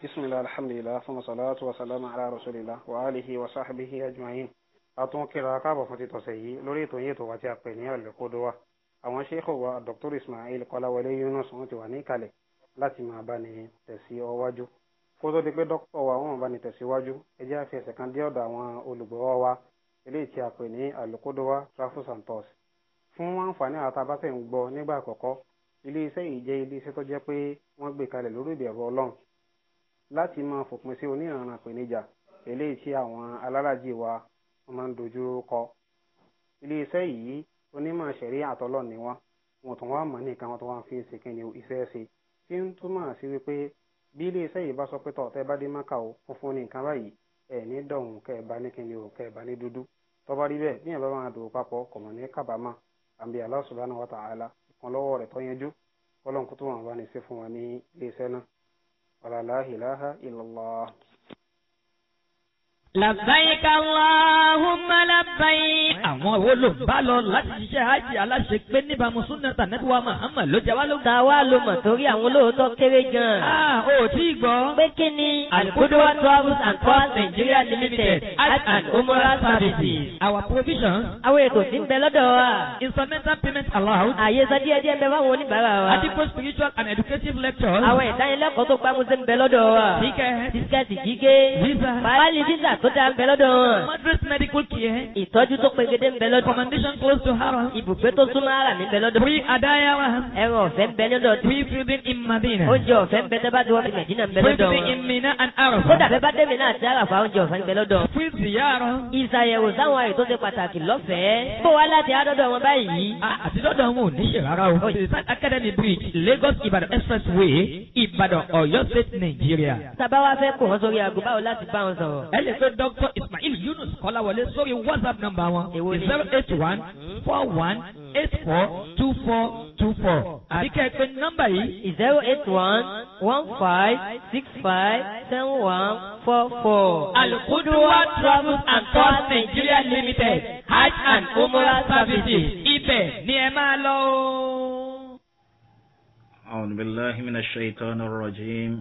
bisimilahi alhamdulilah fún masalatu wasalamu ala rasulillah wa alihi wa sahbihi ajma'in a tún kíra káàbọ̀ fún títọ̀sẹ̀ yìí lórí ètò yìí tó wá ti àpè ní àlùkòdówà àwọn ṣéèkò wa dr ismail kọláwọlé yunus wọn ti wà ní ìkàlẹ̀ láti máa bá ní tẹ̀sí ọwájú kó tó di pé dókítà wa wọn bá ní tẹ̀síwájú ẹ jẹ́ àfi ẹsẹ̀ kan dé ọ̀dọ̀ àwọn olùgbọ́wọ́ wa eléyìí tí a pè ní àlùkòdówà travels and tours fún àǹfààní àtàbàtẹ̀ ń gbọ́ nígbà àkọ́kọ́ ilé iṣẹ́ yìí jẹ́ ilé iṣẹ́ tó jẹ́ pé wọ́n gbé kalẹ̀ lórí ìbẹ̀rù ọlọ́run láti máa fòpin sí oníranran ìpèníjà eléyìí tí àwọn alálàájì wa máa ń dojú kọ iléeṣẹ́ yìí onímọ̀ ṣẹ̀rí àtọ́lọ̀ ni wọ́n wọn tún wá mọ̀ nìkan wọn tún wá fi ṣe ni iṣẹ́ ṣe tí ń túmọ̀ sí wípé bí iléeṣẹ́ yìí bá sọ pé tọ̀tẹ́ bá dé máka o funfun ní nǹkan báyìí ẹ̀ ní dọ̀hún kẹ́ ẹ̀ bá ní kíni o kẹ́ ẹ̀ bá ní dúdú tọ́ba rí bẹ́ẹ̀ bí ẹ̀ bá máa dòwò papọ̀ kò mọ̀ ní kábàámà àbí Allah subhanahu wa ìkànlọ́wọ́ rẹ̀ tó yanjú kọ́lọ́nkú tó wọn bá ní ṣe fún wa ní iléeṣẹ́ náà ولا لا إله إلا الله làbáyík aláhùnmá làbáyí. àwọn wo ló bá lọ láti ṣiṣẹ́ hajj aláṣẹ pé níbàámu súnà tànẹ́tùwà Muhammad ló jẹ́ wá ló. tàwa ló mọ̀ torí àwọn olóòótọ́ kéré gan. a ò tí gbọ́. pé kí ni. al travels and tours Nigeria limited hajj and umrah services. our provision, àwọn ètò tí ń bẹ lọ́dọ̀ wa. instrumental payment allowed. àyè sọ díẹ̀ díẹ̀ bẹ́ẹ̀ fáwọn oníbàárà wa. adigun spiritual and educative lectures. àwọn ìdánilẹ́kọ̀ọ́ tó gbámúsẹ́ ń bẹ lọ́dọ̀ wa. tíkẹ́ tíkẹ́ tìjíkẹ́ tó dáa ń bẹ lọ́dọ̀ wọn. moderate medical care. ìtọ́jú tó pegede ń bẹ lọ́dọ̀. commendation close to haram. ibùgbé tó súnmọ́ ara mi ń bẹ lọ́dọ̀. free adayawa. ẹ̀rọ ọ̀fẹ́ ń bẹ lọ́dọ̀. free breathing in Madina. oúnjẹ ọ̀fẹ́ ń bẹ tẹ́ bá ti wọ́n fi Medina ń bẹ lọ́dọ̀. breathing in Mina and Arab. kódà bẹ́ẹ̀ bá dẹ́mi náà ti Arafa oúnjẹ ọ̀fẹ́ ń bẹ lọ́dọ̀. free ziyara. ìsàyẹ̀wò sáwọn àyè tó ṣe pàtàkì lọ́fẹ̀ẹ́. bó wa láti adọ́dọ̀ wọn báyìí. àti dọ́dọ̀ wọn ò ní ṣe rárá o. Academy Bridge Lagos Ibadan expressway Ìbàdàn Ọ̀yọ́ State Nàìjíríà. Tàbá wa fẹ́ kò wọ́n sórí aago báwo láti bá wọn sọ̀rọ̀. Ẹ lè fẹ́ Dr. Ismail Yunus Kọ́láwọlé sórí WhatsApp number. wọn. zero eight one four one eight four two four two four. Àbí kẹ́ ẹ nọ́mbà yìí. zero eight one one five six five seven one four four. Alukuduwa Travels and Tours Nigeria Limited Hajj and Umrah Services. Ibẹ̀ ni ẹ máa lọ. أعوذ بالله من الشيطان الرجيم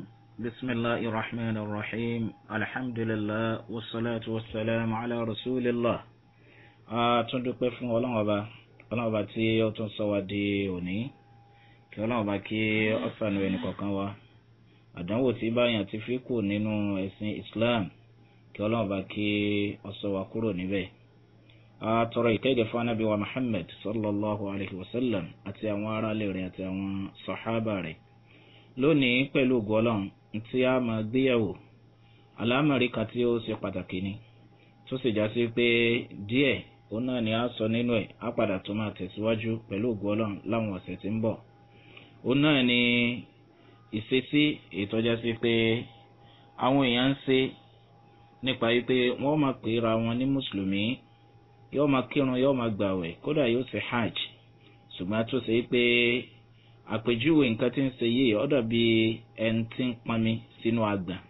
بسم الله الرحمن الرحيم الحمد لله والصلاة والسلام على رسول الله àtúndúpẹ́ fún ọlọ́run ọba ọlọ́run ọba tí ó tún sọ wá di òní kí ọlọ́run ọba kí ó ṣàánú ẹnì kọ̀ọ̀kan wa àdánwò tí báyàn ti fi kù nínú ẹ̀sìn Islam kí ọlọ́run ọba kí ó ṣọ́ wa kúrò níbẹ̀ atọrọ ìkẹ́gẹ́ fanabi wa muhammed sallallahu alayhi wa sallam àti àwọn aráalé rẹ̀ àti àwọn sọ̀hábà rẹ̀ lónìí pẹ̀lú gọ́lọ́n tí a máa gbéyàwó alámọ̀ríkà tí ó ṣe pàtàkì ni tó sì já sí pé díẹ̀ òun náà ni a sọ nínú ẹ̀ á padà tó máa tẹ̀síwájú pẹ̀lú gọ́lọ́n láwọn ọ̀sẹ̀ tí ń bọ̀ òun náà ni ìṣesí ìtọ́já sí pé àwọn èèyàn ń ṣe nípa yóò máa kírun yóò máa gbàwẹ̀ kódà yóò ṣe hajj ṣùgbọ́n tó ṣe pé àpèjúwe nǹkan tí ń ṣe yìí ó yi ẹni tí ń pọnmi sínú àgbọ̀n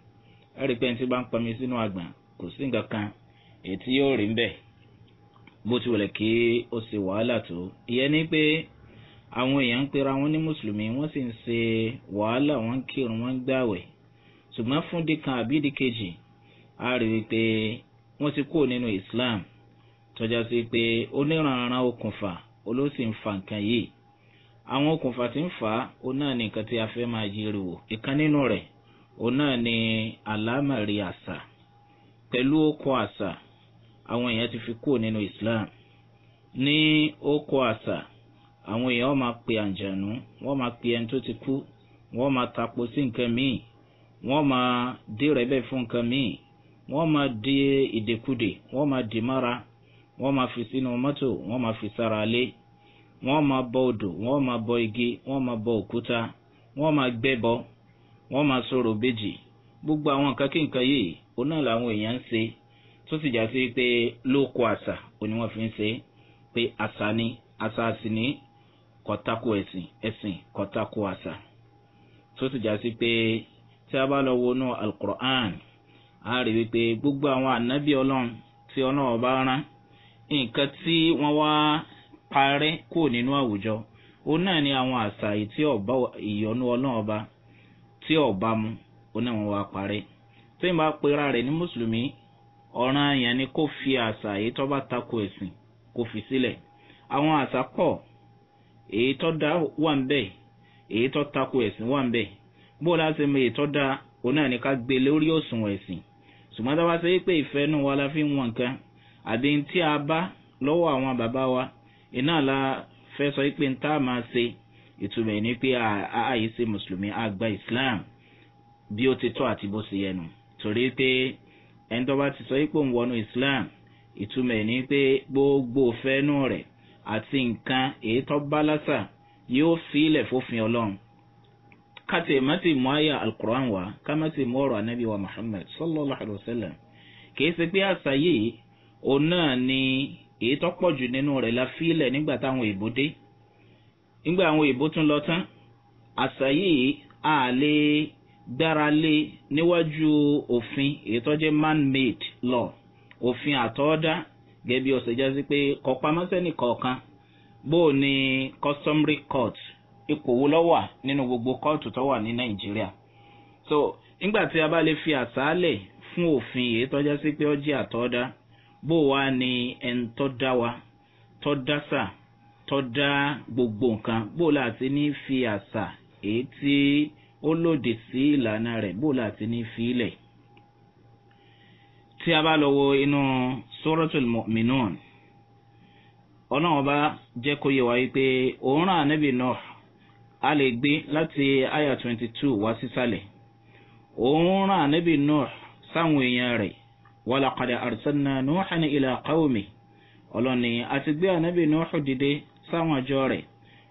ẹ rí i pé ẹni tí bá ń pọnmi sínú àgbọ̀n kò sí nǹkan kan èyí tí yóò rí ń bẹ̀ bó ti wọlé kí ó ṣe wàhálà tó ìyẹn ni pé àwọn èèyàn ń pera wọn ní mùsùlùmí wọ́n sì ń ṣe wàhálà wọ́n ń kírun ń a rí i pé ti kúrò islam tọ́já sí pé oníranran okùnfà olóòsì ń fa nǹkan yìí àwọn okùnfà tí ń fà á òun náà ni nǹkan tí a fẹ́ máa yiri wò ìkan nínú rẹ̀ òun náà ni àlámàrí àṣà pẹ̀lú okùn àṣà àwọn èèyàn ti fi kúrò nínú islam ní okùn àṣà àwọn èèyàn máa pe àǹjànú wọ́n máa pe ẹni tó ti kú wọ́n máa tapo sí nǹkan míì wọ́n máa dé rẹ́bẹ̀ bẹ́ẹ̀ fún nǹkan míì wọ́n máa di ìdèkudè wọ́n máa dì mára wọ́n máa fi sínú mọ́tò wọ́n máa fi sára lé wọ́n máa bọ odò wọ́n máa bọ igi wọ́n máa bọ òkúta wọ́n máa gbẹ́bọ wọ́n máa sọ̀rọ̀ bèjì gbogbo àwọn nǹkan kí nǹkan yìí òun náà làwọn èèyàn ń ṣe tó sì já sí pé lóko àṣà òní wọ́n fi ń ṣe pé àṣà ni àṣà sì ní kọ̀tàkù ẹ̀sìn ẹ̀sìn kọ̀tàkù àṣà tó sì já sí pé tí a bá lọ wo náà alukur'an a rí wípé gbogbo àwọn ànábì ọlọ́run tí ọlọ́run bá rán nǹkan tí wọ́n wá parẹ́ kúrò nínú àwùjọ òun náà ni àwọn àṣà yìí tí ọba ìyọnu ọlọ́run ọba tí ọba mu òun náà wọ́n wá parẹ́ tó yìnbá pera rẹ̀ ní mùsùlùmí ọ̀ràn àyàn ni kó fi àṣà èyí tó bá tako ẹ̀sìn kó fi sílẹ̀ àwọn àṣà pọ̀ èyí tó dá wà ń bẹ̀ èyí tó tako ẹ̀sìn wà ń bẹ̀ bó láti mọ èyí tó dá òun náà ni ká gbé lórí òsùn ẹ̀sìn ṣùgbọ́n tá a bá ṣe é ìfẹ́ nù wa la fi ń wọn nǹkan àdéhùn tí a bá lọ́wọ́ àwọn bàbá wa iná la fẹ́ sọ pé n tá a máa ṣe ìtumọ̀ ní pé àáyí ṣe mùsùlùmí àgbà islam bí ó ti tọ́ àti bó ṣe yẹnu torí pé ẹni tó bá ti sọ pé òun wọnú islam ìtumọ̀ ní pé gbogbo fẹ́nu rẹ̀ àti nǹkan èyí tó bá lásà yóò fi ilẹ̀ fófin ọlọ́run kàtì má sì mú àyà alukur'an wá ká má sì mú ọ̀rọ̀ anábìwá muhammed sallallahu alayhi wa sallam kì í ṣe pé àṣà yìí o náà ni èyí tó pọ̀ jù nínú rẹ̀ la fílẹ̀ nígbà táwọn awon dé nígbà àwọn èèbó tún lọ tán àṣà yìí a lè gbára lé níwájú òfin èyí jẹ́ man-made law òfin àtọ́ọ́dá gẹ́gẹ́ bí ọ̀sẹ̀ jásí pé kọ̀pamọ́sẹ́nì kọ̀ọ̀kan bó o ní customary court ipò wo lọ́ nínú gbogbo kóòtù tó wà ní nàìjíríà so nígbà tí a bá lè fi àṣà lẹ̀ fún òfin èyí tó pe pé ato jẹ́ bó wa ni ẹni tó dá wa tó dá sà tó dá gbogbo nǹkan bó la ti ní fi àṣà èyí tí ó lòdì sí ìlànà rẹ̀ bó la ti ní fi ilẹ̀ tí a bá lọ wo inú suratul mu'minun ọlọ́run bá jẹ́ kó yẹ wá wípé òun ràn náà a lè gbé láti aya twenty two wá sísàlẹ̀ òun ràn níbi náà sáwọn èèyàn rẹ̀ wàlàkàdà àrùsánná nùhà ní ilà kàwùmí ọlọ́ni àti gbé ànábì nùhù dìde sáwọn àjọ rẹ̀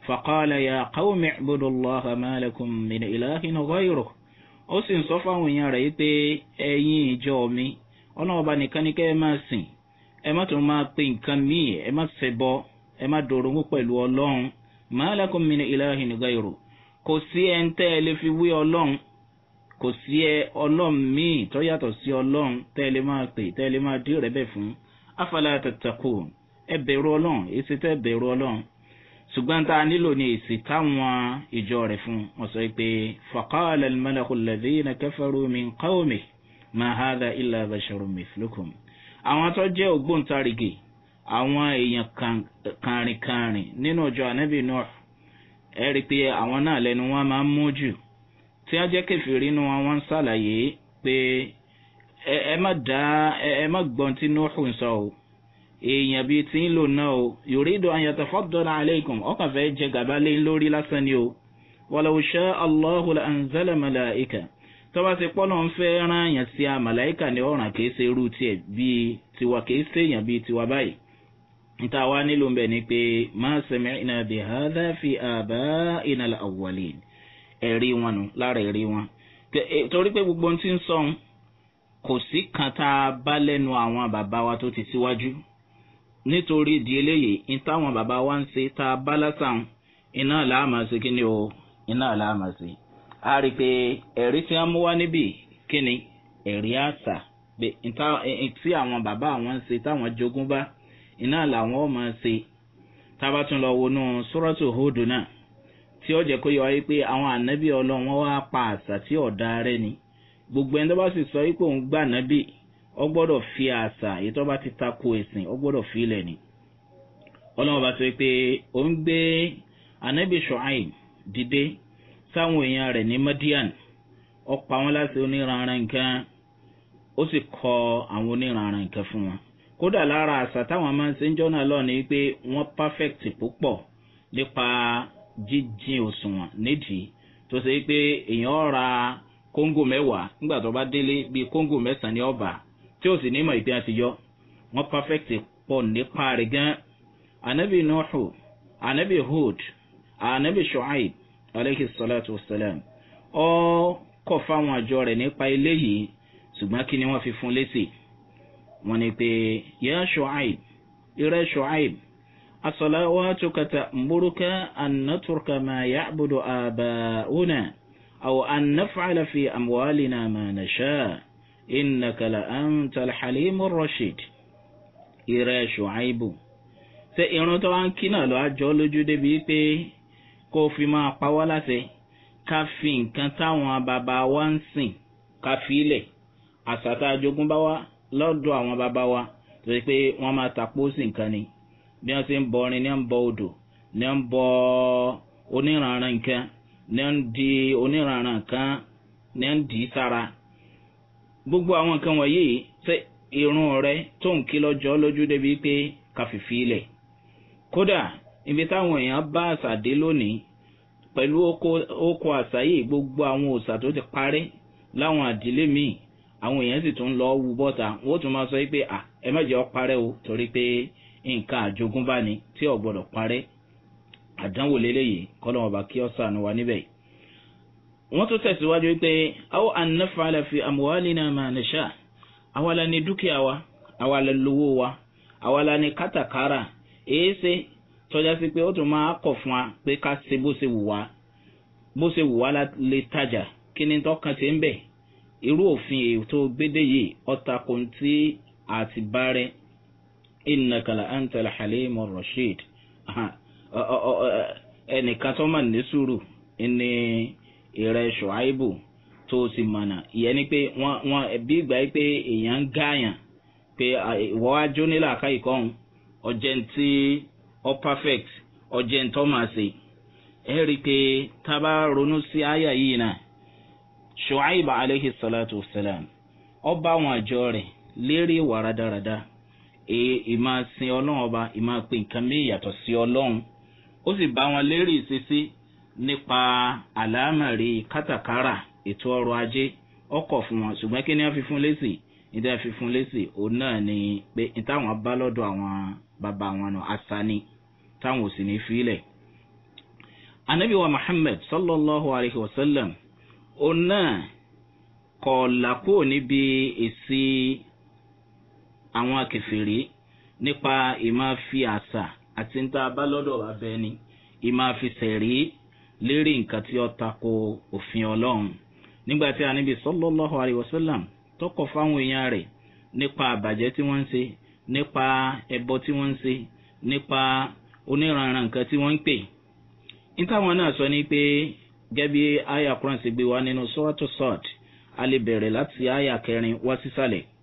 fàkàlà yà kàwùmí ìbúdùlọ́ àmàlẹ́kùn mìíràn ìlàhìn ọgọ́yìrò ó sì ń sọ fáwọn èèyàn rẹ̀ pé ẹ̀yin ìjọ mi ọlọ́ọ̀ba nìkan ní kẹ́ ẹ máa sìn ẹ má tún máa pe nǹkan míì ẹ má ṣẹbọ ẹ má dòrògún pẹ̀lú ọlọ́run màálàkùn mìíràn ìlàhìn ọgọ́yìrò kò sí ẹ̀ńtẹ́ ẹ lè fi wé ọlọ́run kò sí ẹ ọlọ́run míì tó yàtọ̀ sí ọlọ́run tẹ́lẹ̀ máa pè tẹ́lẹ̀ máa dí rẹ̀ bẹ̀ fún afala tẹ̀tẹ̀kù ẹ bẹ̀rù ọlọ́run èsì tẹ́ bẹ̀rù ọlọ́run ṣùgbọ́n tá a nílò ní èsì táwọn ìjọ rẹ̀ fún wọn sọ pé fakal almalakulade na kẹfẹ́rù mi káwọ́mì máa ha da ilà basharu miflukum àwọn tó jẹ́ ògbóǹtarìgì àwọn èèyàn kàrìnkàrìn nínú ọjọ́ anábì náà ẹ rí i pé àwọn náà lẹnu wọn máa ń mú jù tí a jẹ́ kẹfìrí nu wọn ń ṣàlàyé pé ẹ má dá ẹ má gbọ́n tí nuhu ń sọ o èèyàn bíi tí ń lò náà o yorùdó ayàtọ̀ fọ́dọ̀rọ̀ aleikum ọkàn fẹ́ jẹ gàba lé lórí lásán ni o wàlàwùṣẹ́ allahu anzala malaika tọ́ba ti pọ́ náà ń fẹ́ rán àyàn sí a màláìka ní ọ̀ràn kìí ṣe irú tiẹ̀ bíi tiwa kìí ṣe èèyàn bíi tiwa báyìí níta wá nílò ń bẹ̀ ni pé má sẹ̀mí ìnàbì hádà àbá ìnàlà àwọ̀lẹ̀ ẹ̀rí wọn nù lára ẹ̀rí wọn e, torí pé gbogbo ohun tí ń sọ̀hún kò sí kan tá a bá lẹ́nu àwọn bàbá wa tó ti síwájú nítorí ìdí eléyìí ní táwọn bàbá wa ń ṣe tá a bá lásán iná làámà sí kí ni o iná làámà sí. a rí i pé ẹ̀rí tí wọ́n mú wá níbì kí ni ẹ̀rí àṣà tí àwọn bàbá àwọn ń ṣe táwọn jogún bá iná làwọn ò máa ṣe tá a bá tún lọ wọnú sọ́rọ́tò hóòdù náà. tí ó jẹ́ kó yọ wáyé pé àwọn ànábì ọlọ́run wá pa àṣà tí ọ̀dà rẹ ni gbogbo ẹni tó bá sì sọ wípé òun gbà nábì ọ gbọ́dọ̀ fi àṣà èyí tó bá ti tako ẹ̀sìn ọ gbọ́dọ̀ fi ilẹ̀ ni ọlọ́run bá sọ pé ó ń gbé ànábì ṣọ́àì dìde sáwọn èèyàn rẹ̀ ní madian ọ pa láti oníranran nǹkan ó sì kọ jíjìn òṣùwọ̀n nídìí tó ṣe pé èèyàn ra kóńgò mẹ́wàá nígbà tó bá délé bíi kóńgò mẹ́sàn-án ní ọ̀bà tí ò sì ní mọ̀ ìpín àti yọ wọ́n perfect pọ̀ nípa rẹ̀ gan. anabi nuhu anabi hud anabi shuaib aleyhi salatu wa salam ọ kọ̀ fáwọn àjọ rẹ̀ nípa eléyìí ṣùgbọ́n kí ni wọ́n fi fún lésì wọ́n ní pé yẹ́ shuaib irẹ́ shuaib أصلواتك تأمرك أن نترك ما يعبد آباؤنا أو أن نفعل في أموالنا ما نشاء إنك لأنت الحليم الرشيد ìrẹ́ ṣùháìbù ṣe irun tó wá ń kí náà lọ́ọ́ àjọ lójú débi pé kó fi máa pa wá láṣẹ ká fi nǹkan táwọn bàbá wa ń sìn ká fi ilẹ̀ àṣà tá a jogún bá wá lọ́dọ̀ àwọn bàbá wa tó pé wọ́n máa tàpó sí nǹkan ni bí wọ́n ti ń bọ ọrin ní ń bọ odò ní ń bọ oníranran nǹkan ní ń di oníranran ní ń dì í sára gbogbo àwọn nǹkan wọ̀nyí ṣe irun rẹ tó ń kí lọ́jọ́ lójú débi pé kàfìfì ilẹ̀ ibi táwọn èèyàn bá àṣà dé lónìí pẹ̀lú oko àṣà yìí gbogbo àwọn òòṣà tó ti parí láwọn àdílé míì àwọn èèyàn sì tún lọ wú bọ́ta wọ́n tún máa sọ pé ẹ má jẹ́ ọ parẹ́ o torí pé nǹkan àjogúnbá ni tí ò gbọdọ̀ parẹ́ àdánwò lélẹ́yìí kọ́lọ́wọ́n bá kí ọ́ sànù wa níbẹ̀. wọ́n tún tẹ̀síwájú wípé àwọn anáfààlà fi àmúwálì náà máa nìṣà àwa la ní dúkìá wa àwa la lówó wa àwa la ní kátàkárà èéṣe tọ́já sí pé ó tún máa kọ̀ fún wa pé ká ṣe bó ṣe wù wá bó ṣe wù wá lè tajà kí ni tọ́kàn ṣe ń bẹ̀ irú òfin èyí tó gbédè yìí ọ̀tàkùn tí àtibárẹ́ innaka la anta al-halimu rashid ẹnìkan tó mà ní sùúrù ní ìrẹ́ ṣùáìbù tó sì mọ̀nà ìyẹn ni pé wọ́n bí ìgbà yìí pé èèyàn ń gáàyàn pé ìwọ́ wá jó nílà ká ìkọ́hún ọ̀jẹ̀ tí ọ perfect ọ̀jẹ̀ tó máa ṣe ẹ rí i pé tá a bá ronú sí àyà yìí náà ṣùáìbù aleyhi salatu wa salam ọba àwọn àjọ rẹ̀ lérí ìwà rádaràda. E, e ma sin ọlọ́run ọba ìmọ̀ e pe nǹkan mí ìyàtọ̀ sí ọlọ́run ó sì bá wọn lérí ìṣesí nípa àlámọ̀rí kátàkárà ètò ọrọ̀ ajé ọkọ̀ fún wọn ṣùgbọ́n kí ni wọ́n fi fún lẹ́sì fi fún lẹ́sì òun náà ni pé nítawọn bá lọ́dọ̀ àwọn bàbá wọn asani táwọn ò sì ní fílẹ̀. anabi muhammed sallallahu alayhi wa sallam òun náà kọ̀ níbi àwọn akẹfẹ̀rí nípa ìmáa fi àṣà àti níta bá lọ́dọ̀ abẹ ni ìmáa fi sẹ̀rí lérí nǹkan tí ó tako òfin ọlọ́run nígbà tí anabi sọlọ́lọ́hu àríwọ̀sálàm tọkọ̀ fáwọn èèyàn rẹ̀ nípa àbàjẹ́ tí wọ́n ń ṣe nípa ẹ̀bọ tí wọ́n ń ṣe nípa oníranran nǹkan tí wọ́n ń pè nítawọ̀n náà sọ ni pé gẹ́bí aya kúrọ̀ǹsì gbé wa nínú sọ́wọ́tò sọ́ọ̀t a lè bẹ̀rẹ̀ láti aya kẹrin wá sísàlẹ̀. Si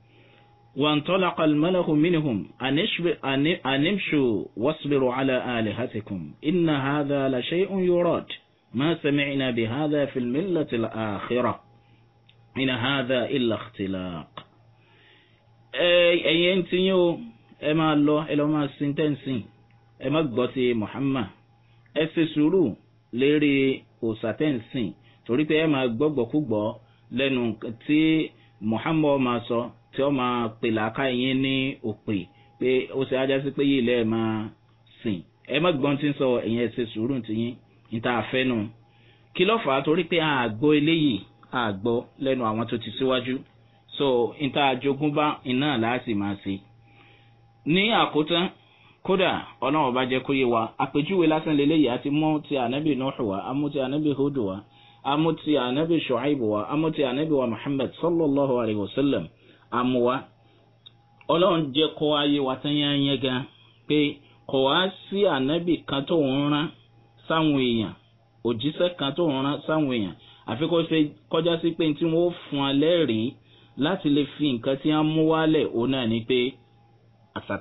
وانطلق الملغ منهم ان أنمشوا واصبروا على آلهتكم إن هذا لشيء يراد ما سمعنا بهذا في الملة الآخرة إن هذا إلا اختلاق أي أي أنتنيو أما الله الى ما سنتنسي أما قبطي محمد أسي سورو ليري وساتنسي توريك أما قبطي قبطي لنو تي محمد ما سو tí ó máa pè làákà yín ní òpè pé ó ṣe ajá sí pé yìí lẹ́ẹ̀ máa sìn ẹ mọ̀ gbọ́n tí ń sọ ẹ̀yìn ẹ̀ ṣe sùúrù tiyín níta àfẹ́ nù kí ló fà á torí pé àgbọ̀ eléyìí àgbọ̀ lẹ́nu àwọn tó ti síwájú so níta àjogúnbá iná láti máa ṣe ní àkótán kódà ọlọ́run ọba jẹ́ kó yé wa àpèjúwe lásán lélẹ́yìí àti mú ti ànábì nọ́ọ̀hù wa amú ti ànábì hódù wa amú ti ànábì ṣọ́àìbù wa amú ti ànábì wa muhammed sallallahu alayhi wa sallam àmọ́ wa ọlọ́run jẹ́ kó ayé wa tán yá yẹn gan pé kò wá sí ànábì kan tó ń rán sáwọn èèyàn òjíṣẹ́ kan tó ń rán sáwọn èèyàn àfi kó ṣe kọjá sí pé tí wọ́n fún un lẹ́rìí láti lè fi nǹkan tí wọ́n mú wálẹ̀ òun náà ni pé àṣà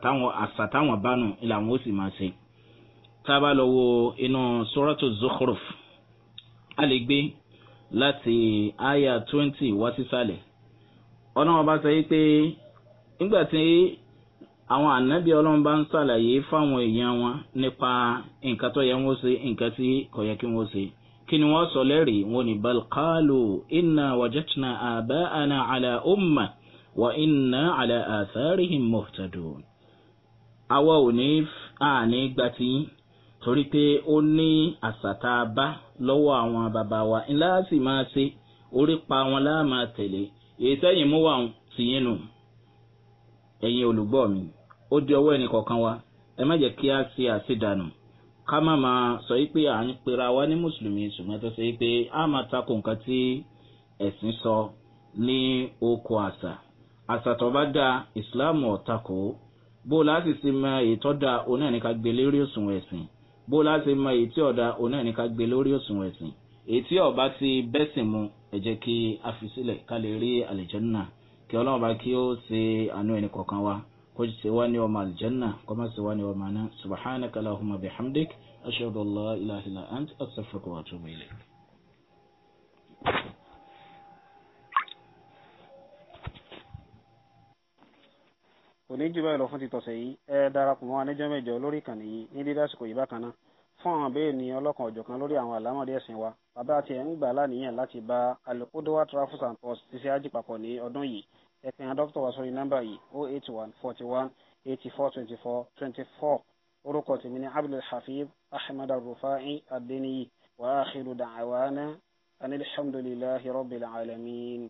táwọn bánu làwọn ó sì máa ṣe tá a bá lọ wo inú sọ́rọ́tò zokhruf a lè gbé láti aya twenty wá sísàlẹ̀. Si ọlọ́run bá sọ yìí pé nígbà tí àwọn ànábì ọlọ́run bá ń ṣàlàyé fáwọn èèyàn wọn nípa nǹkan tó yẹ wọ́n ṣe nǹkan tí kò yẹ kí wọ́n ṣe kí ni wọ́n sọ lẹ́rìí wọn ni balqalu inna wajatna aba'ana ala umma wa inna ala atharihim muhtadun. àwa ò ní àní gbàtí torí pé ó ní àṣàtà bá lọ́wọ́ àwọn bàbá wa ńlá sì máa ṣe orí pa wọn láà tẹ̀lé èyí tẹ́yìn mú wà ń tìyín nù ẹ̀yin olùgbọ́ mi ó di ọwọ́ ẹnì kọ̀ọ̀kan wa ẹ má jẹ́ kí a ṣe àṣìdànù ká má máa sọ pé à ń pera wa ní mùsùlùmí ṣùgbọ́n tó ṣe pé a máa takò nǹkan tí ẹ̀sìn sọ ní oko àṣà àṣà tó bá da ìsìláàmù ọ̀takò bó láti ṣe mọ èyí tó da onáà ní ká gbé lórí òṣùwọ̀n ẹ̀sìn bó láti mọ èyí tí ọ̀dà onáà ní ká gbé lórí òṣùwọ̀n ẹ̀sìn èyí tí ọba ti bẹ́sìn mu ẹ jẹ́ kí a fi sílẹ̀ ká lè rí àlìjẹ́nà kí ọlọ́run bá kí ó ṣe àánú ẹnì kọ̀ọ̀kan wa kó ṣe wá ní ọmọ àlìjẹ́nà kó má ṣe wá ní ọmọ àná subahana kalahuma bihamdik ashadu allah ilaha illa ant astaghfiruka wa atubu ilayk. òní jù báyìí fún títọ̀sẹ̀ yìí ẹ darapọ̀ mọ́ aníjọ́ mẹ́jọ lórí ìkànnì yìí ní dídásìkò yìí bákan náà fún àwọn abẹ́ẹ̀ ní ọlọ́kan ọ̀jọ̀kan lórí àwọn àlámọ̀dé ẹ̀sìn wa bàbá tiẹ̀ ń gbà láníyàn láti bá alukodowa travels and post ti ṣe ájì papọ̀ ní ọdún yìí ẹ pè hàn dókítà wa sórí nọ́mbà yìí oh eight one forty one eighty four twenty four twenty four orúkọ tèmi ní abdul hafiz ahmed al-rufai adeniyi wa akhiru da'wana anil hamdulillahi rabbil alamin.